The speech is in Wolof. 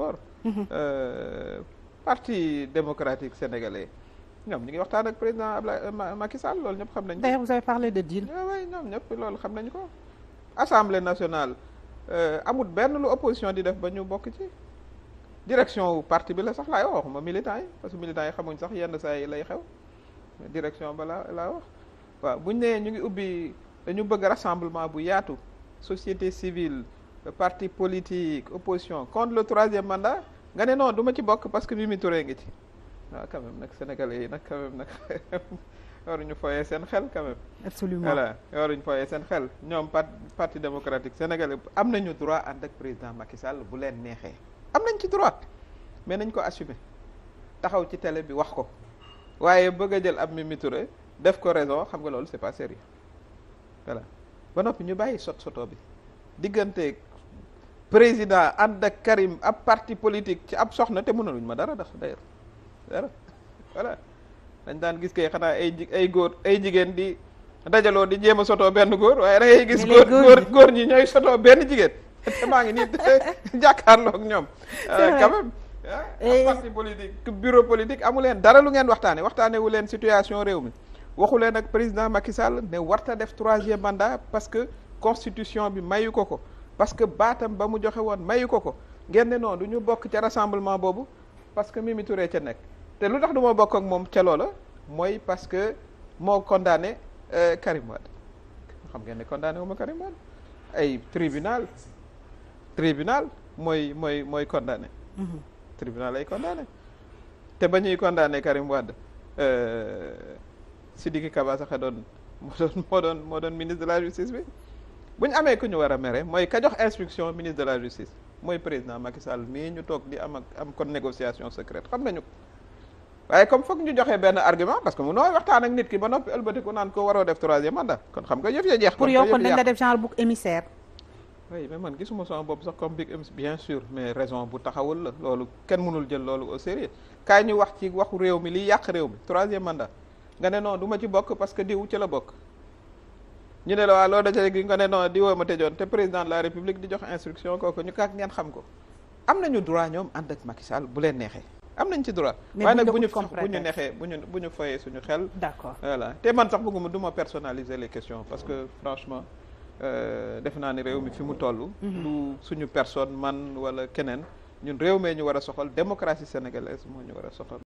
sport. Mhm. Euh, parti démocratique sénégalais ñoom ñu ngi waxtaan ak président Ablaye euh, Macky Sall loolu ñëpp xam nañ d'ailleurs vous avez parlé de deal. oui ñoom ñëpp loolu xam nañu ko. assemblée nationale euh, amut benn lu opposition di def ba ñu bokk ci. direction parti bi la sax laay wax ma militant yi parce que militant yi xamuñ sax yenn saa yi lay xew direction ba la laa wax waaw buñ nee ñu ngi ubbi dañu bëgg rassemblement bu yaatu société civile. parti politique opposition contre le troisième mandat nga ne non du ci bokk parce que Mimi Touré ngi ci waaw ah, quand nag sénégalais yi nag quand même nag waruñu foyee seen xel quand même. absolument voilà waruñu foyee seen xel ñoom parti démocratique sénégalais am nañu droit ànd ak président Macky Sall bu leen neexee. am nañ ci droit mais nañ ko assumer taxaw ci télé bi wax ko waaye bëgg a jël ab Mimi Touré def ko raison xam nga loolu c'est pas sérieux voilà ba noppi ñu bàyyi sot soto bi diggante. président ànd ak Karim ab parti politique ci ab soxna te mënaluñ ma dara dax d'ailleurs dara dañ daan gis kay xanaa ay ji ay góor ay jigéen di dajaloo di jéem a sotoo benn góor waaye da gis góor góor góor ñi ñooy sotoo benn jigéen te maa ngi nii jàkkaarloog ñoom euh, quand même ah, parti politique bureau politique amu leen dara lu ngeen waxtaane waxtaane wu leen situation réew mi waxu leen ak président Macky Sall ne warta def troisième mandat parce que constitution bi mayu ko ko parce que baatam ba mu joxe woon mayu ko ko ngeen ne du ñu bokk ca rassemblement boobu parce que mii mi turee ca nekk te lu tax du ma bokk ak moom ca loola mooy parce que moo condamné euh, Karim Wade xam ngeen ne condamné wu ma Karim Wade ay tribunal tribunal mooy mooy mooy condamné. Mhm. tribunal ay condamné te ba ñuy condamné Karim Wade euh, Sidiki Kaba sax doon moo doon moo doon moo doon ministre de la justice bi. bu ñu amee ku ñu war a mere mooy ka jox instruction ministre de la justice mooy président Macky Sall mii ñu toog di am ak am kon négociation secrète xam nañu waaye comme foog ñu joxe benn argument parce que mu nooy waxtaan ak nit ki ba noppi ëlbatiku naan ko waroo def troisième mandat kon xam nga yëf ya jeex. pour yow kon dañ la def genre bouc émissaire. mais man raison bu taxawul la loolu kenn mënul jël loolu au sérieux kaay ñu wax ci waxu réew mi liy yàq réew mi troisième mandat nga ne non ma ci bokk parce que diw la bokk. ñu ne la waa loo dajale gi nga ne non di woo ma tëjoon te président de la république di jox instruction kooku ñu kaak ngeen xam ko am nañu droit ñoom ànd ak Macky Sall bu leen neexee am nañ ci droit waaye nag bu ñu neexee bu ñu foyee suñu xel te man sax bëgguma du ma personnaliser les parce que franchement euh, defe naa ne réew mi fi mu toll mhm. du suñu personne man wala keneen ñun réew mee ñu war a soxal démocratie sénégalaise moo ñu war a